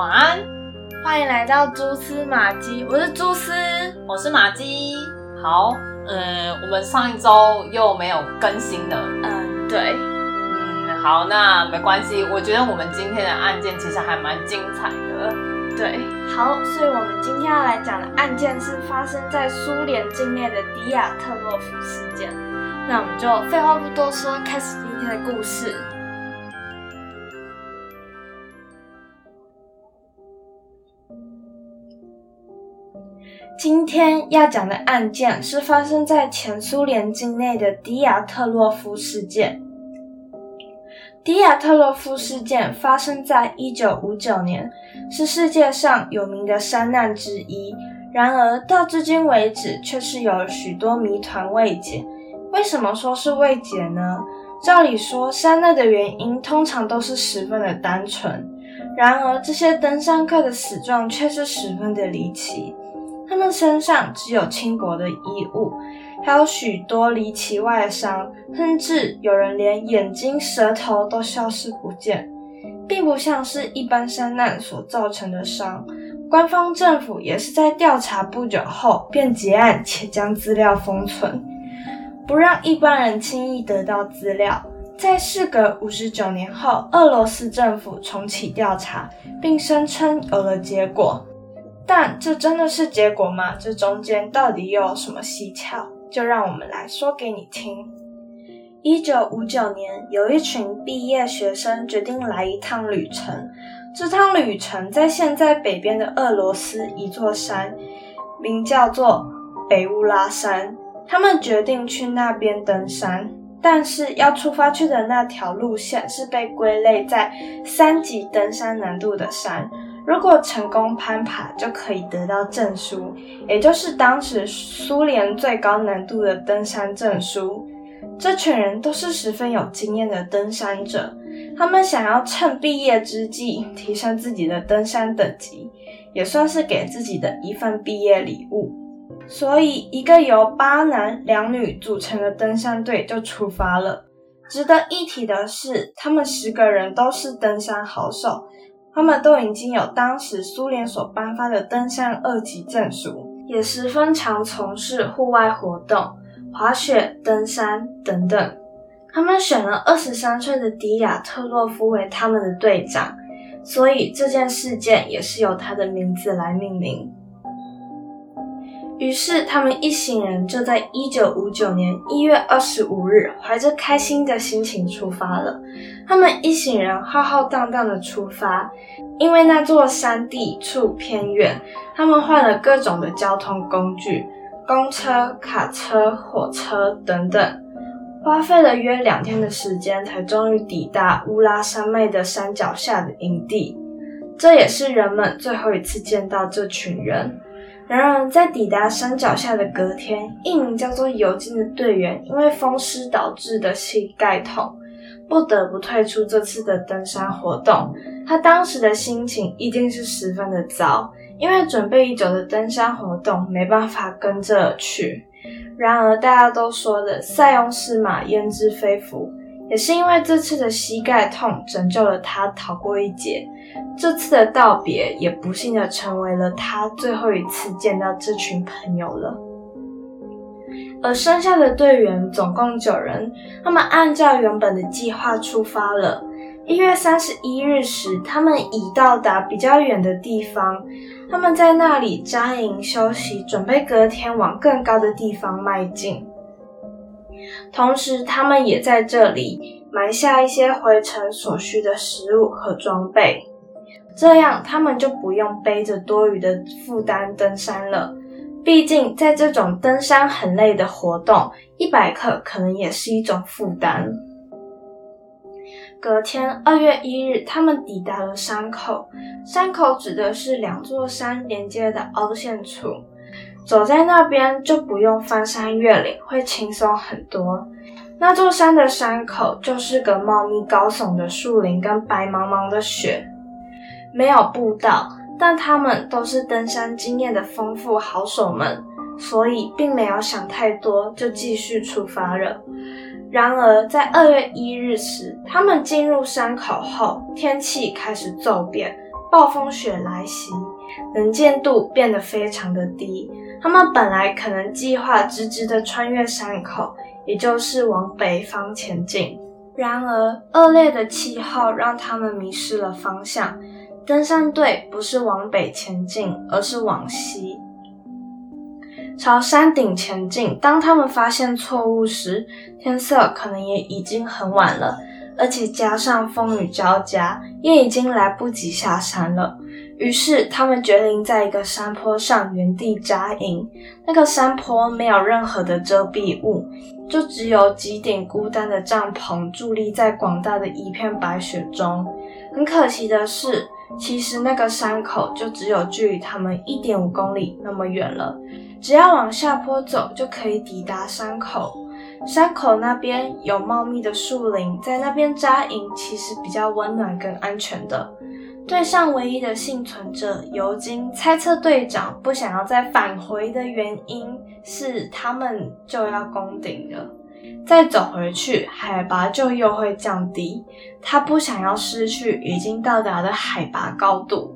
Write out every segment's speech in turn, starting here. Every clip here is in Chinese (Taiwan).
晚安，歡迎來到蛛絲馬跡。我是蛛絲，我是馬跡。好，嗯，我們上一周又沒有更新了。嗯，對。嗯，好，那沒關係。我覺得我們今天的案件其實還蠻精彩的。對，好，所以我們今天要來講的案件是發生在蘇聯境內的迪亞特洛夫事件。那我們就廢話不多說，開始今天的故事。今天要講的案件是發生在前蘇聯境內的迪亞特洛夫事件。迪亞特洛夫事件發生在一九五九年，是世界上有名的山難之一。然而到至今為止，卻是有許多謎團未解。為什麼說是未解呢？照理說，山難的原因通常都是十分的單純，然而這些登山客的死狀卻是十分的離奇。他們身上只有輕薄的衣物，還有許多離奇外傷，甚至有人連眼睛、舌頭都消失不見，並不像是一般山難所造成的傷。官方政府也是在調查不久後便結案，且將資料封存，不讓一般人輕易得到資料。在事隔五十九年後，俄羅斯政府重啟調查，並聲稱有了結果。但這真的是結果嗎？這中間到底有什麼蹊蹺？就讓我們來說給你聽。一九五九年，有一群畢業學生決定來一趟旅程。這趟旅程在現在北邊的俄羅斯，一座山，名叫做北烏拉山。他們決定去那邊登山，但是要出發去的那條路線是被歸類在三級登山難度的山。如果成功攀爬，就可以得到證書，也就是當時蘇聯最高難度的登山證書。這群人都是十分有經驗的登山者，他們想要趁畢業之際提升自己的登山等級，也算是給自己的一份畢業禮物。所以，一個由八男兩女組成的登山隊就出發了。值得一提的是，他們十個人都是登山好手。他們都已經有當時蘇聯所頒發的登山二級證書，也十分常從事戶外活動，滑雪、登山等等。他們選了23歲的迪亞特洛夫為他們的隊長，所以這件事件也是由他的名字來命名。於是，他們一行人就在一九五九年一月二十五日，懷着開心的心情出發了。他們一行人浩浩蕩蕩地出發，因為那座山地處偏遠，他們換了各種的交通工具公，公車、卡車、火車等等，花費了約兩天的時間，才終於抵達烏拉山脈的山腳下的營地。這也是人們最後一次見到這群人。然而，在抵達山腳下的隔天，一名叫做尤金的隊員因為風濕導致的膝蓋痛，不得不退出這次的登山活動。他當時的心情一定是十分的糟，因為準備已久的登山活動沒辦法跟着去。然而，大家都說的塞翁失馬，焉知非福，也是因為這次的膝蓋痛拯救了他，逃過一劫。這次的道別，也不幸的成為了他最後一次見到這群朋友了。而剩下的隊員總共九人，他們按照原本的計劃出發了。一月三十一日時，他們已到達比較遠的地方，他們在那裡紮營休息，準備隔天往更高的地方邁進。同時，他們也在這裡埋下一些回程所需的食物和裝備。這樣他們就不用背着多餘的負擔登山了。畢竟在這種登山很累的活動，一百克可能也是一種負擔。隔天二月一日，他們抵達了山口。山口指的是兩座山連接的凹陷處，走在那邊就不用翻山越嶺，會輕鬆很多。那座山的山口就是個茂密高聳的樹林跟白茫茫的雪。沒有步道，但他們都是登山經驗的豐富好手們，所以並沒有想太多，就繼續出發了。然而，在二月一日時，他們進入山口後，天氣開始驟變，暴風雪來襲，能見度變得非常的低。他們本來可能計劃直直的穿越山口，也就是往北方前進，然而惡劣的氣候讓他們迷失了方向。登山隊不是往北前進，而是往西，朝山頂前進。當他們發現錯誤時，天色可能也已經很晚了，而且加上風雨交加，也已經來不及下山了。於是，他們決定在一個山坡上原地紮營。那個山坡沒有任何的遮蔽物，就只有幾頂孤單的帳篷佇立在廣大的一片白雪中。很可惜的是，其實那個山口就只有距離他們一點五公里那麼遠了，只要往下坡走就可以抵達山口。山口那邊有茂密的樹林，在那邊紮營其實比較溫暖跟安全的。隊上唯一的倖存者尤金猜測隊長不想要再返回的原因是他們就要攻頂了。再走回去，海拔就又會降低。他不想要失去已經到達的海拔高度。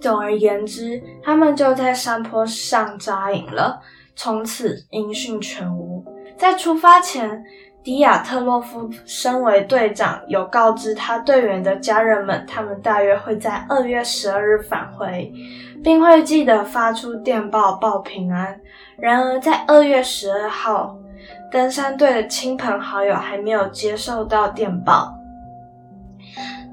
總而言之，他們就在山坡上扎營了，從此音訊全無。在出發前，迪亞特洛夫身為隊長，有告知他隊員的家人們，他們大約會在二月十二日返回，並會記得發出電報報平安。然而，在二月十二號，登山隊的親朋好友還沒有接受到電報，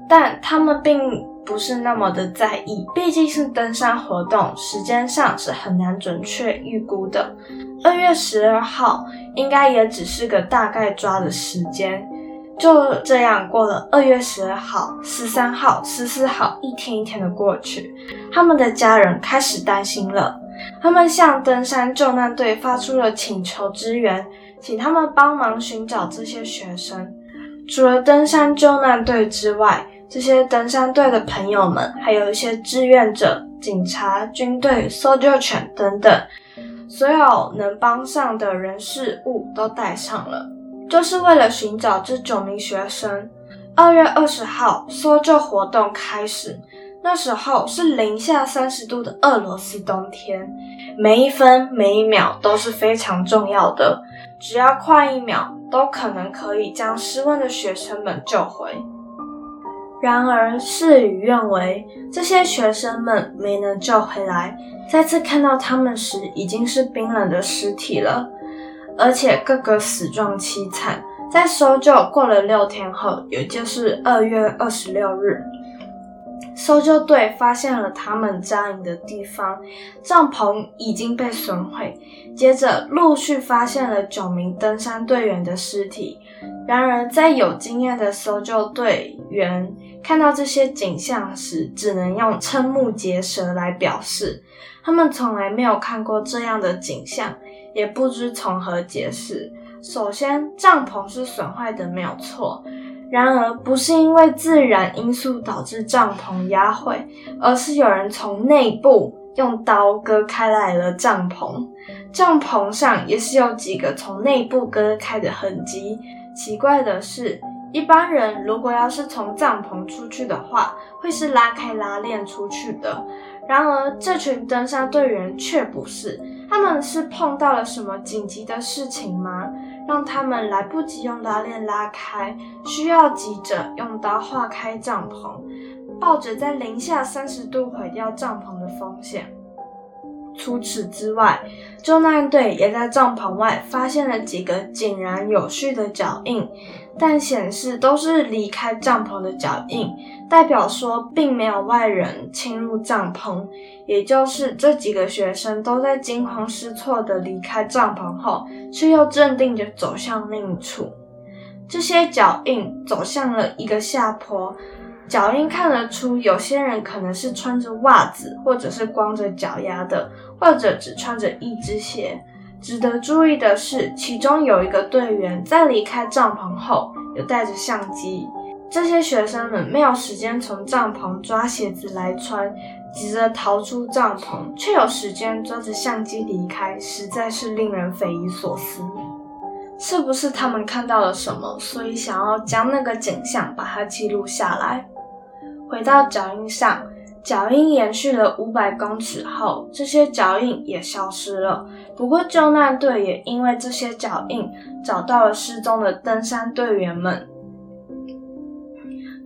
但他們並不是那麼的在意，畢竟是登山活動，時間上是很難準確預估的。二月十二號應該也只是個大概抓的時間。就這樣過了，二月十二號、十三號、十四號，一天一天的過去，他們的家人開始擔心了。他們向登山救難隊發出了請求支援。請他們幫忙尋找這些學生。除了登山救難隊之外，這些登山隊的朋友們，還有一些志願者、警察、軍隊、搜救犬等等，所有能幫上的人事物都帶上了，就是為了尋找這九名學生。二月二十號，搜救活動開始，那時候是零下三十度的俄羅斯冬天，每一分每一秒都是非常重要的。只要快一秒，都可能可以將失溫的學生們救回。然而事與願違，這些學生們沒能救回來。再次看到他們時，已經是冰冷的屍體了，而且個個死狀淒慘。在搜救過了六天後，也就是二月二十六日。搜救隊發現了他們扎營的地方，帳篷已經被損毀。接着陸續發現了九名登山隊員的屍體。然而，在有經驗的搜救隊員看到這些景象時，只能用瞠目結舌來表示，他們從來沒有看過這樣的景象，也不知從何解釋。首先，帳篷是損壞的，沒有錯。然而，不是因為自然因素導致帳篷壓毀，而是有人從內部用刀割開來了帳篷。帳篷上也是有幾個從內部割開的痕跡。奇怪的是，一般人如果要是從帳篷出去的話，會是拉開拉鏈出去的。然而，這群登山隊員卻不是，他們是碰到了什麼緊急的事情嗎？讓他們來不及用拉鏈拉開，需要急着用刀劃開帳篷，冒著在零下三十度毀掉帳篷的風險。除此之外，救難隊也在帳篷外發現了幾個井然有序的腳印，但顯示都是離開帳篷的腳印，代表說並沒有外人侵入帳篷，也就是這幾個學生都在驚慌失措地離開帳篷後，卻又鎮定地走向另一處。這些腳印走向了一個下坡。腳印看得出，有些人可能是穿着襪子，或者是光着腳丫的，或者只穿着一只鞋。值得注意的是，其中有一個隊員在離開帳篷後，有帶着相機。這些學生們沒有時間從帳篷抓鞋子來穿，急着逃出帳篷，卻有時間抓着相機離開，實在是令人匪夷所思。是不是他們看到了什麼，所以想要將那個景象把它記錄下來？回到腳印上，腳印延續了五百公尺後，這些腳印也消失了。不過，救難隊也因為這些腳印找到了失蹤的登山隊員們。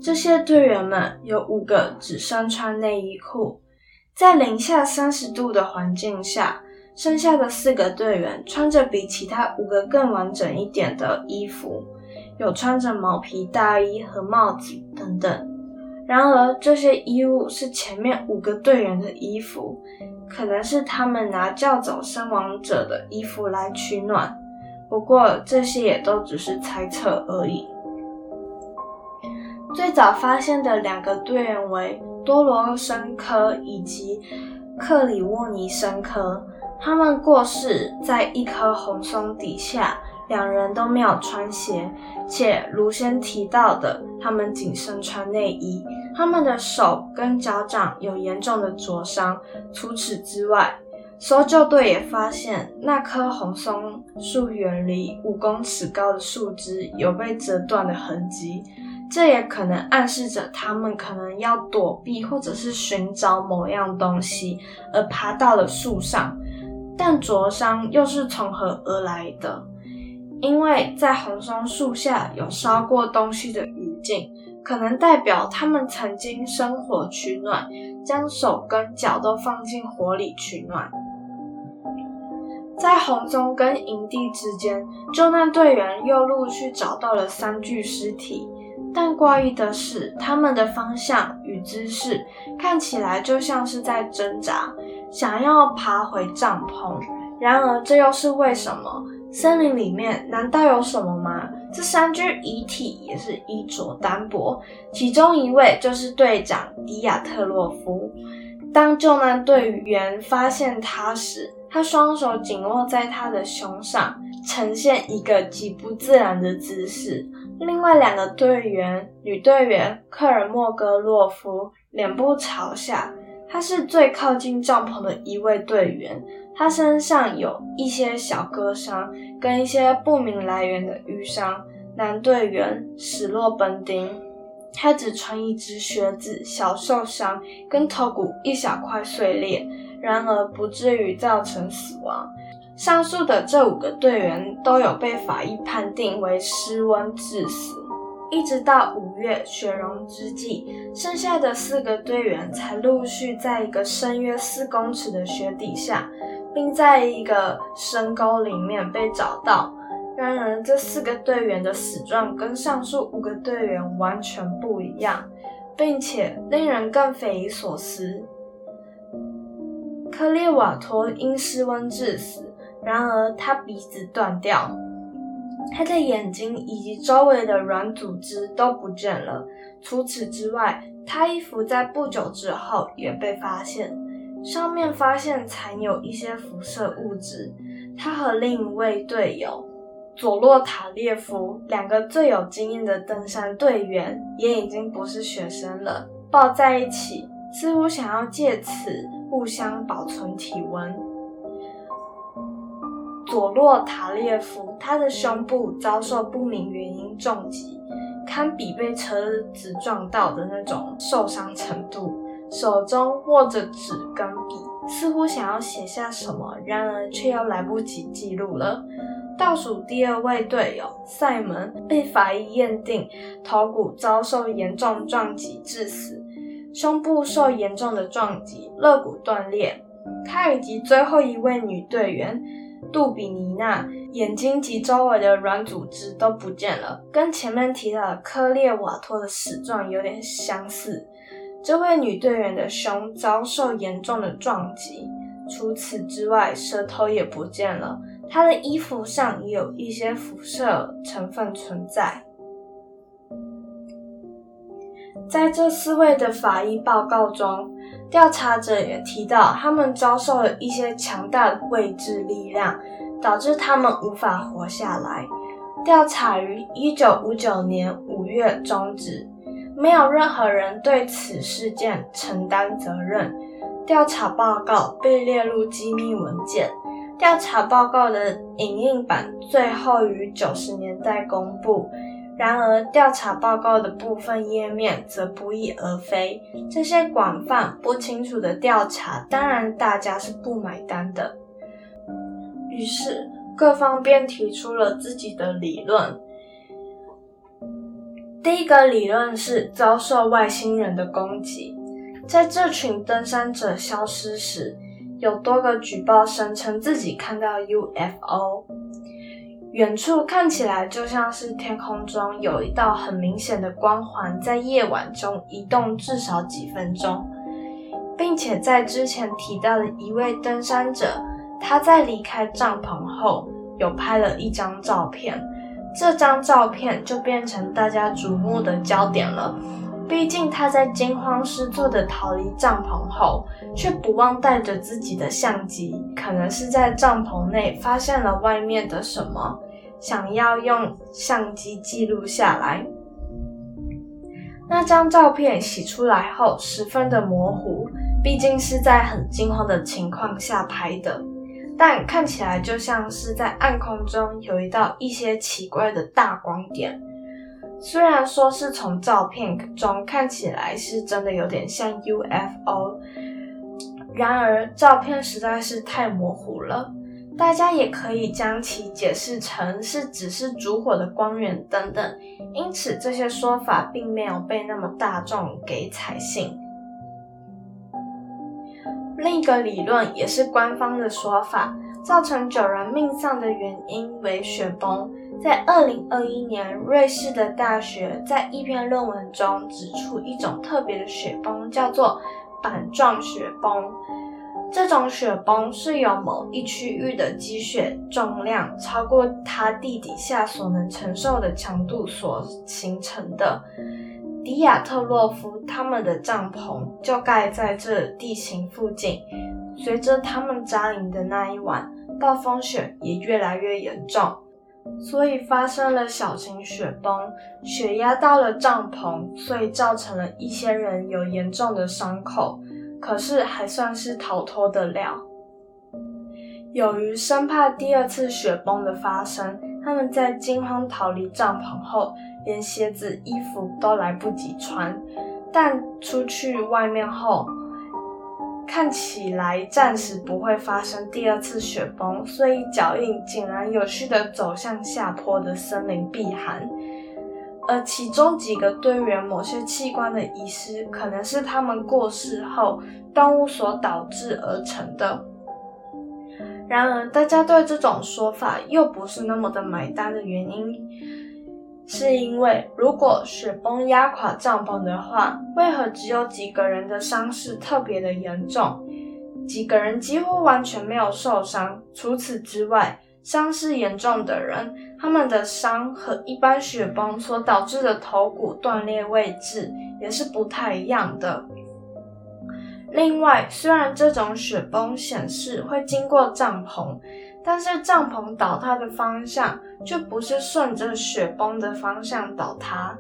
這些隊員們有五個只身穿內衣褲，在零下三十度的環境下，剩下的四個隊員穿着比其他五個更完整一點的衣服，有穿着毛皮大衣和帽子等等。然而，這些衣物是前面五個隊員的衣服，可能是他們拿較早身亡者的衣服來取暖。不過，這些也都只是猜測而已。最早發現的兩個隊員為多羅申科以及克里沃尼申科，他們過世在一棵紅松底下。兩人都沒有穿鞋，且如先提到的，他們僅身穿內衣。他們的手跟腳掌有嚴重的灼傷。除此之外，搜救隊也發現那棵紅松樹遠離五公尺高的樹枝有被折斷的痕跡。這也可能暗示着他們可能要躲避或者是尋找某樣東西而爬到了樹上，但灼傷又是從何而來的？因為在紅松樹下有燒過東西的餘燼，可能代表他們曾經生火取暖，將手跟腳都放進火裡取暖。在紅松跟營地之間，救難隊員又陸續找到了三具屍體，但怪異的是，他們的方向與姿勢看起來就像是在掙扎，想要爬回帳篷。然而，這又是為什麼？森林裡面難道有什麼嗎？這三具遺體也是衣着單薄，其中一位就是隊長迪亞特洛夫。當救難隊員發現他時，他雙手緊握在他的胸上，呈現一個極不自然的姿勢。另外兩個隊員，女隊員克爾莫格洛夫，臉部朝下，他是最靠近帳篷的一位隊員。他身上有一些小割傷，跟一些不明來源的瘀傷。男隊員史洛本丁，他只穿一只靴子，小受傷，跟頭骨一小塊碎裂，然而不至於造成死亡。上述的這五個隊員都有被法醫判定為失溫致死。一直到五月雪融之際，剩下的四個隊員才陸續在一個深約四公尺的雪底下並在一個深溝裡面被找到。然而，這四個隊員的死狀跟上述五個隊員完全不一樣，並且令人更匪夷所思。克列瓦托因失溫致死，然而他鼻子斷掉，他的眼睛以及周圍的軟組織都不見了。除此之外，他衣服在不久之後也被發現。上面發現殘有一些輻射物質。他和另一位隊友佐洛塔列夫，兩個最有經驗的登山隊員，也已經不是學生了，抱在一起，似乎想要借此互相保存體溫。佐洛塔列夫他的胸部遭受，不明原因重擊，堪比被車子撞到的那種受傷程度，手中握着紙跟。似乎想要寫下什麼，然而卻又來不及記錄了。倒數第二位隊友塞門被法醫驗定頭骨遭受嚴重撞擊致死，胸部受嚴重的撞擊，肋骨斷裂。他以及最後一位女隊員杜比尼娜，眼睛及周圍的軟組織都不見了，跟前面提到的科列瓦托的死狀有點相似。這位女隊員的胸遭受嚴重的撞擊，除此之外，舌頭也不見了。她的衣服上也有一些輻射成分存在。在這四位的法醫報告中，調查者也提到他們遭受了一些強大的未知力量，導致他們無法活下來。調查於一九五九年五月終止。沒有任何人對此事件承擔責任。調查報告被列入機密文件。調查報告的影印版最後於九十年代公布，然而調查報告的部分頁面則不翼而飛。這些廣泛不清楚的調查，當然大家是不買單的。於是，各方便提出了自己的理論。第一個理論是遭受外星人的攻擊。在這群登山者消失時，有多個舉報聲稱自己看到 UFO，遠處看起來就像是天空中有一道很明顯的光環，在夜晚中移動至少幾分鐘，並且在之前提到的一位登山者，他在離開帳篷後有拍了一張照片。這張照片就變成大家矚目的焦點了。畢竟他在驚慌失措的逃離帳篷後，卻不忘帶着自己的相機，可能是在帳篷內發現了外面的什麼，想要用相機記錄下來。那張照片洗出來後十分的模糊，畢竟是在很驚慌的情況下拍的。但看起來就像是在暗空中有一道一些奇怪的大光點，雖然說是從照片中看起來是真的有點像 UFO，然而照片實在是太模糊了，大家也可以將其解釋成是只是燭火的光源等等，因此這些說法並沒有被那麼大眾給採信。另一個理論也是官方的說法，造成九人命喪的原因為雪崩。在二零二一年，瑞士的大學在一篇論文中指出，一種特別的雪崩叫做板狀雪崩。這種雪崩是由某一區域的積雪重量超過它地底下所能承受的強度所形成的。迪亞特洛夫他們的帳篷就蓋在這地形附近。隨着他們扎營的那一晚，暴風雪也越來越嚴重，所以發生了小型雪崩，雪壓到了帳篷，所以造成了一些人有嚴重的傷口，可是還算是逃脫得了。由於生怕第二次雪崩的發生，他們在驚慌逃離帳篷後，連鞋子、衣服都來不及穿，但出去外面後，看起來暫時不會發生第二次雪崩，所以腳印井然有序地走向下坡的森林避寒。而其中幾個隊員某些器官的遺失，可能是他們過世後動物所導致而成的。然而，大家對這種說法又不是那麼的買單的原因。是因為，如果雪崩壓垮帳篷的話，為何只有幾個人的傷勢特別的嚴重？幾個人幾乎完全沒有受傷。除此之外，傷勢嚴重的人，他們的傷和一般雪崩所導致的頭骨斷裂位置也是不太一樣的。另外，雖然這種雪崩顯示會經過帳篷。但是帳篷倒塌的方向卻不是順着雪崩的方向倒塌，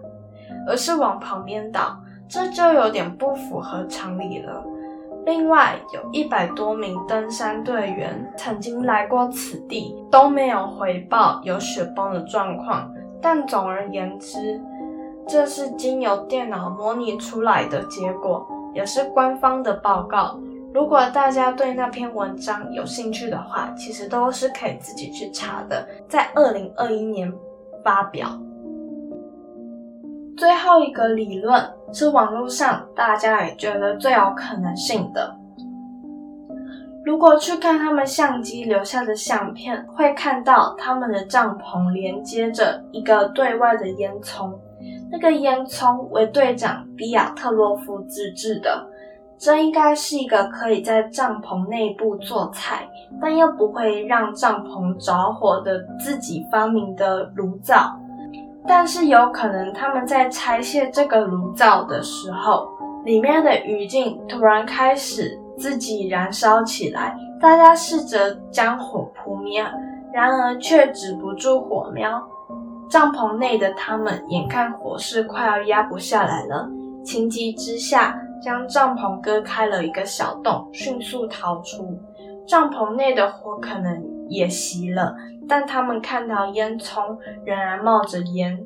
而是往旁邊倒，這就有點不符合常理了。另外，有一百多名登山隊員曾經來過此地，都沒有回報有雪崩的狀況。但總而言之，這是經由電腦模擬出來的結果，也是官方的報告。如果大家對那篇文章有興趣的話，其實都是可以自己去查的，在二零二一年發表。最後一個理論是網絡上大家也覺得最有可能性的。如果去看他們相機留下的相片，會看到他們的帳篷連接着一個對外的煙囪，那個煙囪為隊長迪亞特洛夫自製的。這應該是一個可以在帳篷內部做菜，但又不會讓帳篷着火的自己發明的爐灶。但是有可能他們在拆卸這個爐灶的時候，裡面的餘燼突然開始自己燃燒起來。大家試着將火撲滅，然而卻止不住火苗。帳篷內的他們眼看火勢快要壓不下來了，情急之下，將帳篷割開了一個小洞，迅速逃出。帳篷內的火可能也熄了，但他們看到煙囪仍然冒着煙，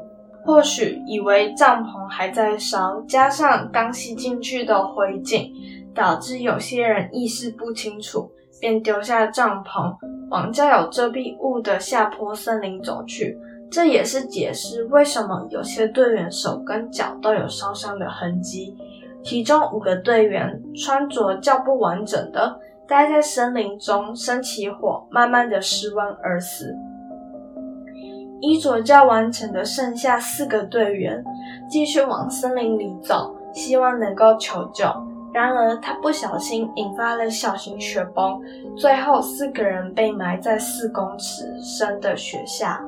或許以為帳篷還在燒。加上剛吸進去的灰燼，導致有些人意識不清楚，便丟下帳篷，往較有遮蔽物的下坡森林走去。這也是解釋為什麼有些隊員手跟腳都有燒傷的痕跡。其中五個隊員穿着較不完整的，待在森林中生起火，慢慢的失溫而死。衣着較完整的剩下四個隊員，繼續往森林裡走，希望能夠求救。然而他不小心引發了小型雪崩，最後四個人被埋在四公尺深的雪下。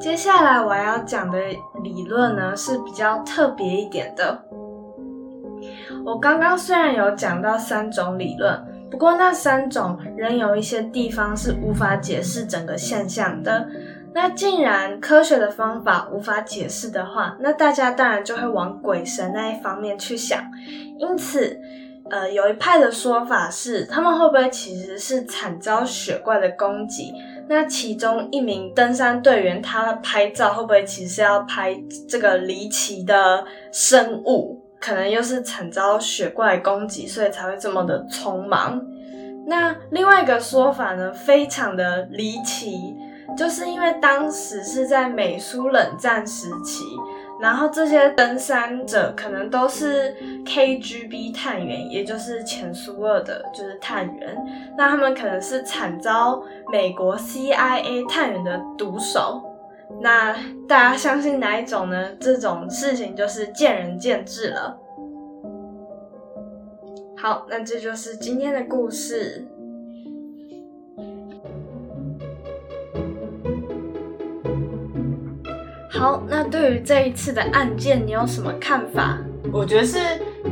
接下來我要講的理論呢，是比較特別一點的。我剛剛雖然有講到三種理論，不過那三種仍有一些地方是無法解釋整個現象的。那既然科學的方法無法解釋的話，那大家當然就會往鬼神那一方面去想。因此，呃，有一派的說法是，他們會不會其實是慘遭雪怪的攻擊？那其中一名登山隊員，他拍照會不會其實是要拍這個離奇的生物？可能又是慘遭雪怪攻擊，所以才會這麼的匆忙。那另外一個說法呢，非常的離奇，就是因為當時是在美蘇冷戰時期，然後這些登山者，可能都是 KGB 探員，也就是前蘇俄的，就是探員。那他們可能是慘遭美國 CIA 探員的毒手。那大家相信哪一種呢？這種事情就是見仁見智了。好，那這就是今天的故事。好，那對於這一次的案件，你有什麼看法？我覺得是，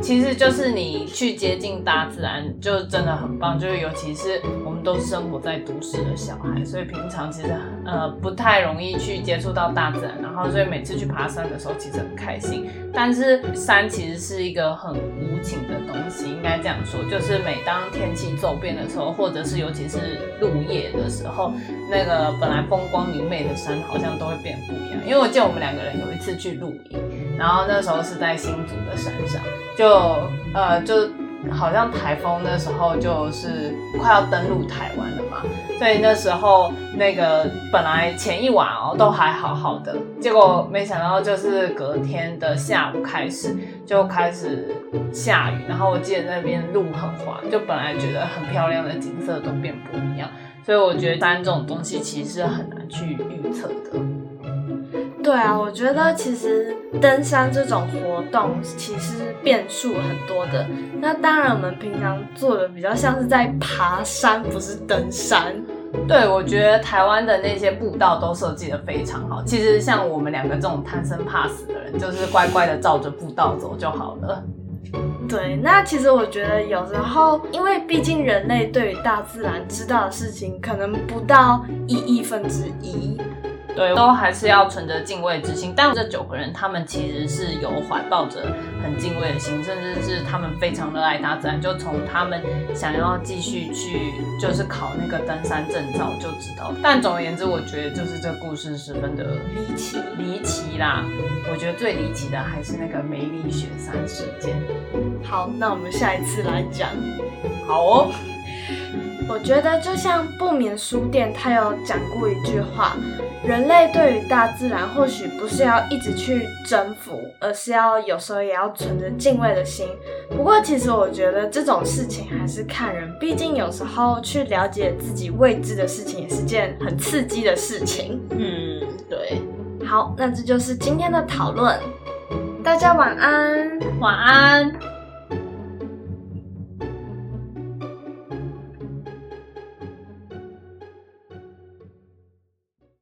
其實就是你去接近大自然，就真的很棒。就是尤其是我們都生活在都市的小孩，所以平常其實呃不太容易去接觸到大自然。然後所以每次去爬山的時候，其實很開心。但是山其實是一個很無情的東西，應該這樣說。就是每當天氣驟變的時候，或者是尤其是入夜的時候，那個本來風光明媚的山，好像都會變不一樣。因為我見我們兩個人有一次去露營。然後那時候是在新竹的山上，就呃就好像台風的時候就是快要登陸台灣了嘛，所以那時候那個本來前一晚哦都還好好的，結果沒想到就是隔天的下午開始就開始下雨，然後我記得那邊路很滑，就本來覺得很漂亮的景色都變不一樣，所以我覺得山這種東西其實是很難去預測的。對啊，我覺得其實登山這種活動其實變數很多的。那當然，我們平常做的比較像是在爬山，不是登山。對，我覺得台灣的那些步道都設計得非常好。其實像我們兩個這種貪生怕死的人，就是乖乖的照着步道走就好了。對，那其實我覺得有時候，因為畢竟人類對於大自然知道的事情，可能不到一億分之一。對，都還是要存着敬畏之心。但這九個人，他們其實是有懷抱着很敬畏的心，甚至是他們非常熱愛大自然。就從他們想要繼續去，就是考那個登山證照就知道。但總而言之，我覺得就是這故事十分的離奇，離奇啦。我覺得最離奇的還是那個梅里雪山事件。好，那我們下一次來講。好哦。 我覺得就像不眠書店，他有講過一句話。人類對於大自然，或許不是要一直去征服，而是要有時候也要存着敬畏的心。不過，其實我覺得這種事情還是看人，畢竟有時候去了解自己未知的事情也是件很刺激的事情。嗯，對。好，那這就是今天的討論。大家晚安，晚安。